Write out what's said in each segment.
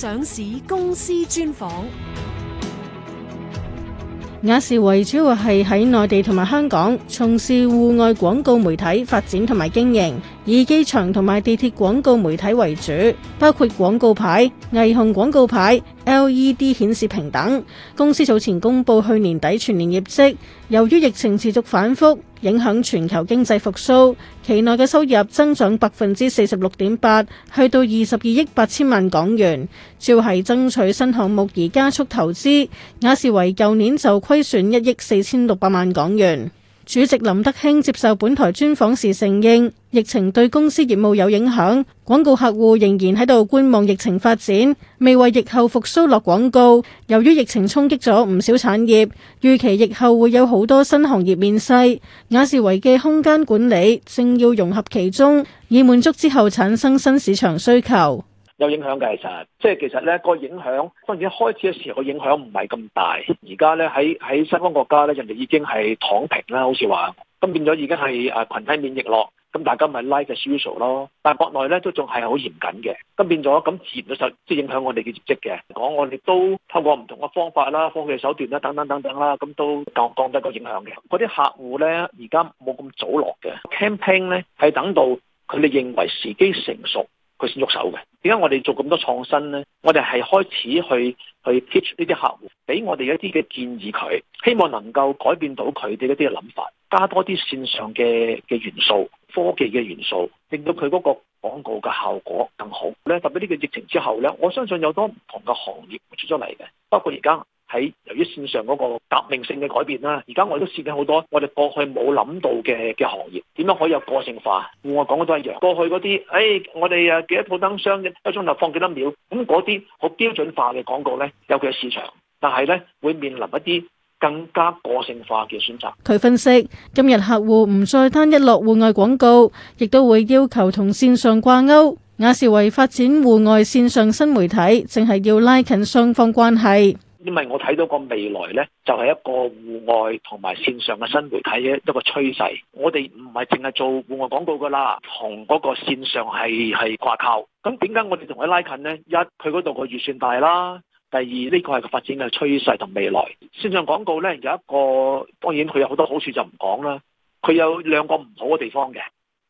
上市公司專訪，雅仕維主要係喺內地同埋香港從事戶外廣告媒體發展同埋經營。以機場同埋地鐵廣告媒體為主，包括廣告牌、霓虹廣告牌、LED 顯示屏等。公司早前公布去年底全年業績，由於疫情持續反複，影響全球經濟復甦，期內嘅收入增長百分之四十六點八，去到二十二億八千萬港元。照係爭取新項目而加速投資，雅仕維舊年就虧損一億四千六百萬港元。主席林德興接受本台專訪時承認，疫情對公司業務有影響，廣告客戶仍然喺度觀望疫情發展，未為疫後復甦落廣告。由於疫情衝擊咗唔少產業，預期疫後會有好多新行業面世，雅仕維嘅空間管理正要融合其中，以滿足之後產生新市場需求。有影響嘅，其實即係其實咧個影響，當然開始嘅時候個影響唔係咁大，而家咧喺喺西方國家咧，人哋已經係躺平啦，好似話咁變咗，已經係誒群體免疫咯。咁大家咪拉嘅 social 咯。但係國內咧都仲係好嚴謹嘅，咁變咗咁自然都就即係影響我哋嘅業績嘅。我我亦都透過唔同嘅方法啦、科技手段啦等等等等啦，咁都降降低個影響嘅。嗰啲客戶咧而家冇咁早落嘅 campaign 咧，係等到佢哋認為時機成熟。佢先喐手嘅，點解我哋做咁多創新呢？我哋係開始去去 teach 呢啲客戶，俾我哋一啲嘅建議佢，希望能夠改變到佢哋一啲嘅諗法，加多啲線上嘅嘅元素、科技嘅元素，令到佢嗰個廣告嘅效果更好咧。特別呢個疫情之後呢，我相信有多唔同嘅行業出咗嚟嘅，包括而家。喺由於線上嗰個革命性嘅改變啦，而家我都試緊好多我哋過去冇諗到嘅嘅行業點樣可以有個性化。我講嘅都係一樣。過去嗰啲，誒，我哋啊幾多鋪燈箱一鐘頭放幾多秒咁，嗰啲好標準化嘅廣告呢，有佢嘅市場，但係呢，會面臨一啲更加個性化嘅選擇。佢分析今日客戶唔再單一落戶外廣告，亦都會要求同線上掛鈎，雅仕維為發展戶外線上新媒體，正係要拉近雙方關係。因為我睇到個未來呢，就係、係、一個戶外同埋線上嘅新媒體嘅一個趨勢。我哋唔係淨係做戶外廣告㗎啦，同嗰個線上係係掛靠。咁點解我哋同佢拉近呢？一佢嗰度個預算大啦。第二呢，呢個係發展嘅趨勢同未來線上廣告呢，有一個，當然佢有好多好處就唔講啦。佢有兩個唔好嘅地方嘅，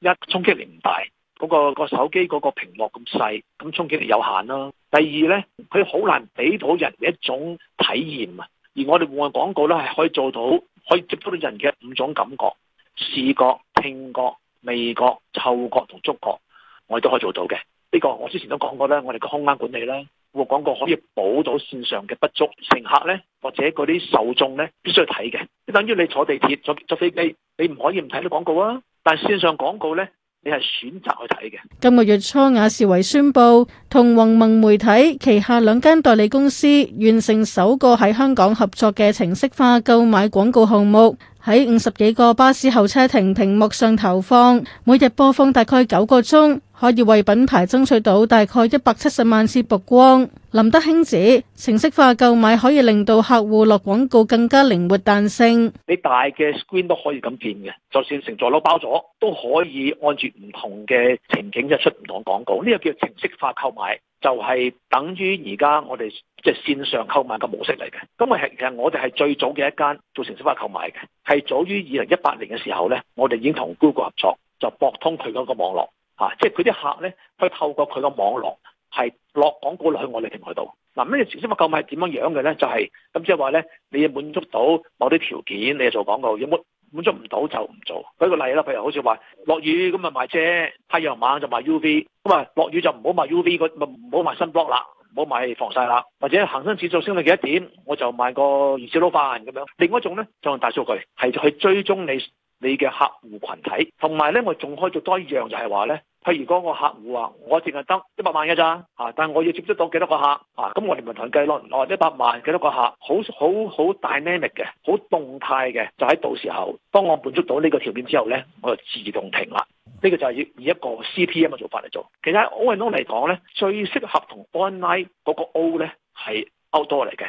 一衝擊力唔大，嗰、嗰個嗰個手機嗰、嗰個屏幕咁細，咁衝擊力有限啦。第二呢，佢好難俾到人嘅一種體驗啊！而我哋戶外廣告呢，係可以做到，可以接觸到人嘅五種感覺：視覺、聽覺、味覺、嗅覺同觸覺，我哋都可以做到嘅。呢個我之前都講過啦，我哋個空間管理呢，戶外廣告可以補到線上嘅不足。乘客呢，或者嗰啲受眾呢，必須要睇嘅，等於你坐地鐵、坐坐飛機，你唔可以唔睇啲廣告啊！但係線上廣告呢。你係選擇去睇嘅。今個月初，雅仕維宣布同宏盟媒體旗下兩間代理公司完成首個喺香港合作嘅程式化購買廣告項目，喺五十幾個巴士候車亭屏幕上投放，每日播放大概九個鐘。可以為品牌爭取到大概一百七十萬次曝光。林德興指，程式化購買可以令到客戶落廣告更加靈活彈性。你大嘅 screen 都可以咁變嘅，就算成座樓包咗都可以按住唔同嘅情景一出唔同廣告。呢、這個叫程式化購買，就係、是、等於而家我哋即係線上購買嘅模式嚟嘅。咁我係其實我哋係最早嘅一間做程式化購買嘅，係早於二零一八年嘅時候呢，我哋已經同 Google 合作，就駁通佢嗰個網絡。啊！即係佢啲客咧，佢透過佢個網絡係落廣告落去我哋平台度。嗱咁你首先個購物係點樣樣嘅咧？就係咁即係話咧，你滿足到某啲條件，你就做廣告；有冇滿足唔到就唔做。舉個例啦，譬如好似話落雨咁啊賣遮，太陽猛就賣 U V，咁啊落雨就唔好賣 U V 咪唔好賣 sunblock 啦，唔好賣防曬啦，或者恆生指數升到幾多點，我就賣個鮑魚撈飯咁樣。另外一種咧，就係用大數據係去追蹤你。你嘅客戶群體，同埋咧，我仲可以做多一樣，就係話咧，譬如嗰個客戶啊，我淨係得一百萬嘅咋，嚇，但係我要接觸到幾多個客，嚇，咁我哋咪同佢計咯，我一百萬幾多個客，好好好 dynamic 嘅，好動態嘅，就喺到時候當我滿足到呢個條件之後咧，我就自動停啦。呢個就係以一個 CPM 嘅做法嚟做。其實 online 嚟講咧，最適合同 online 嗰個 O 咧係 outdoor 嚟嘅。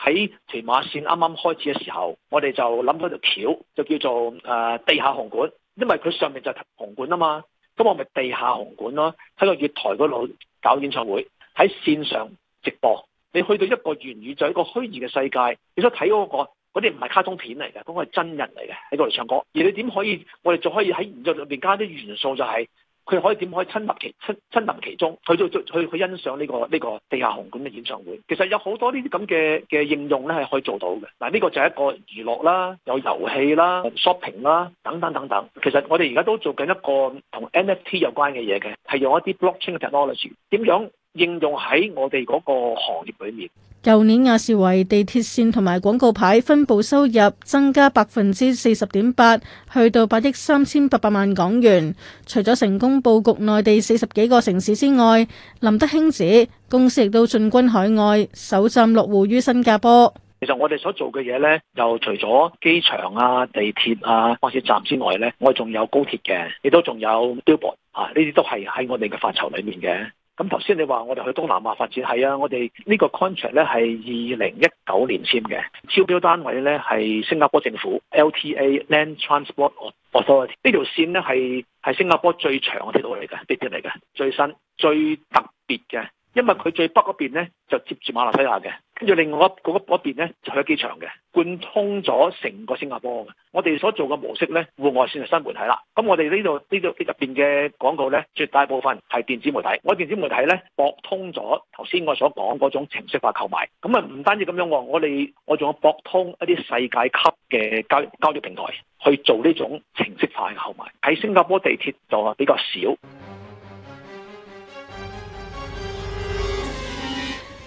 喺屯馬線啱啱開始嘅時候，我哋就諗到條橋，就叫做誒、呃、地下紅館，因為佢上面就紅館啊嘛，咁我咪地下紅館咯，喺個月台嗰度搞演唱會，喺線上直播，你去到一個遠遠就一個虛擬嘅世界，你想睇嗰、那個嗰啲唔係卡通片嚟嘅，嗰個係真人嚟嘅喺度嚟唱歌，而你點可以？我哋仲可以喺現實裏邊加啲元素、就是，就係。佢可以點可以親臨其親親臨其中，去去去去欣賞呢個呢個地下紅館嘅演唱會。其實有好多呢啲咁嘅嘅應用咧係可以做到嘅。嗱、啊，呢個就係一個娛樂啦，有遊戲啦、shopping 啦，啦等等等等。其實我哋而家都做緊一個同 NFT 有關嘅嘢嘅，係用一啲 blockchain technology 點樣應用喺我哋嗰個行業裏面。舊年雅仕維地鐵線同埋廣告牌分部收入增加百分之四十點八，去到八億三千八百萬港元。除咗成功布局內地四十幾個城市之外，林德興指公司亦都進軍海外，首站落戶於新加坡。其實我哋所做嘅嘢呢，又除咗機場啊、地鐵啊、火車站之外呢，我仲有高鐵嘅，亦都仲有碉堡啊，呢啲都係喺我哋嘅範疇裏面嘅。咁頭先你話我哋去東南亞發展，係啊，我哋呢個 contract 咧，係二零一九年簽嘅，招標單位咧係新加坡政府 LTA Land Transport Authority。呢條線咧，係係新加坡最長嘅鐵路嚟嘅，鐵鐵嚟嘅，最新最特別嘅。因為佢最北嗰邊咧就接住馬來西亞嘅，跟住另外嗰嗰嗰邊咧就喺機場嘅，貫通咗成個新加坡嘅。我哋所做嘅模式咧，戶外線係新媒體啦。咁我哋呢度呢度入邊嘅廣告咧，絕大部分係電子媒體。我電子媒體咧，博通咗頭先我所講嗰種程式化購買。咁啊，唔單止咁樣，我哋我仲有博通一啲世界級嘅交易交易平台，去做呢種程式化嘅購買。喺新加坡地鐵就比較少。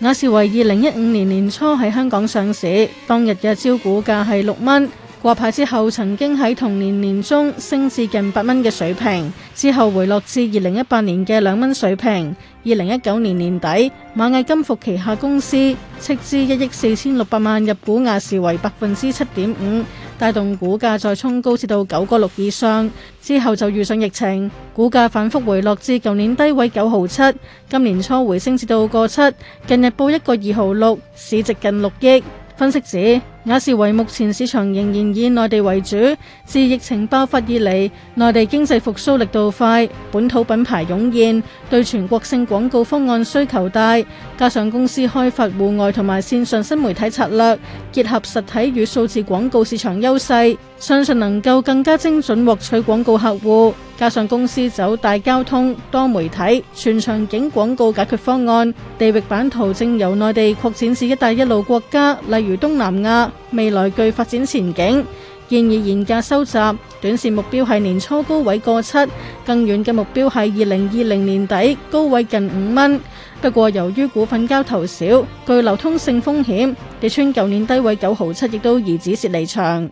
雅仕維二零一五年年初喺香港上市，當日嘅招股價係六蚊。掛牌之後，曾經喺同年年中升至近八蚊嘅水平，之後回落至二零一八年嘅兩蚊水平。二零一九年年底，螞蟻金服旗下公司斥資一億四千六百萬入股雅仕維，為百分之七點五。帶動股價再衝高至到九個六以上，之後就遇上疫情，股價反覆回落至舊年低位九毫七，今年初回升至到個七，近日報一個二毫六，市值近六億。分析指，雅仕維目前市場仍然以內地為主，自疫情爆發以嚟，內地經濟復甦力度快，本土品牌湧現，對全國性廣告方案需求大，加上公司開發戶外同埋線上新媒體策略，結合實體與數字廣告市場優勢，相信能夠更加精準獲取廣告客戶。加上公司走大交通、多媒體、全場景廣告解決方案，地域版圖正由內地擴展至一帶一路國家，例如東南亞。未來具發展前景，建議現價收集，短線目標係年初高位過七，更遠嘅目標係二零二零年底高位近五蚊。不過由於股份交投少，具流通性風險，地村舊年低位九毫七亦都疑止蝕離場。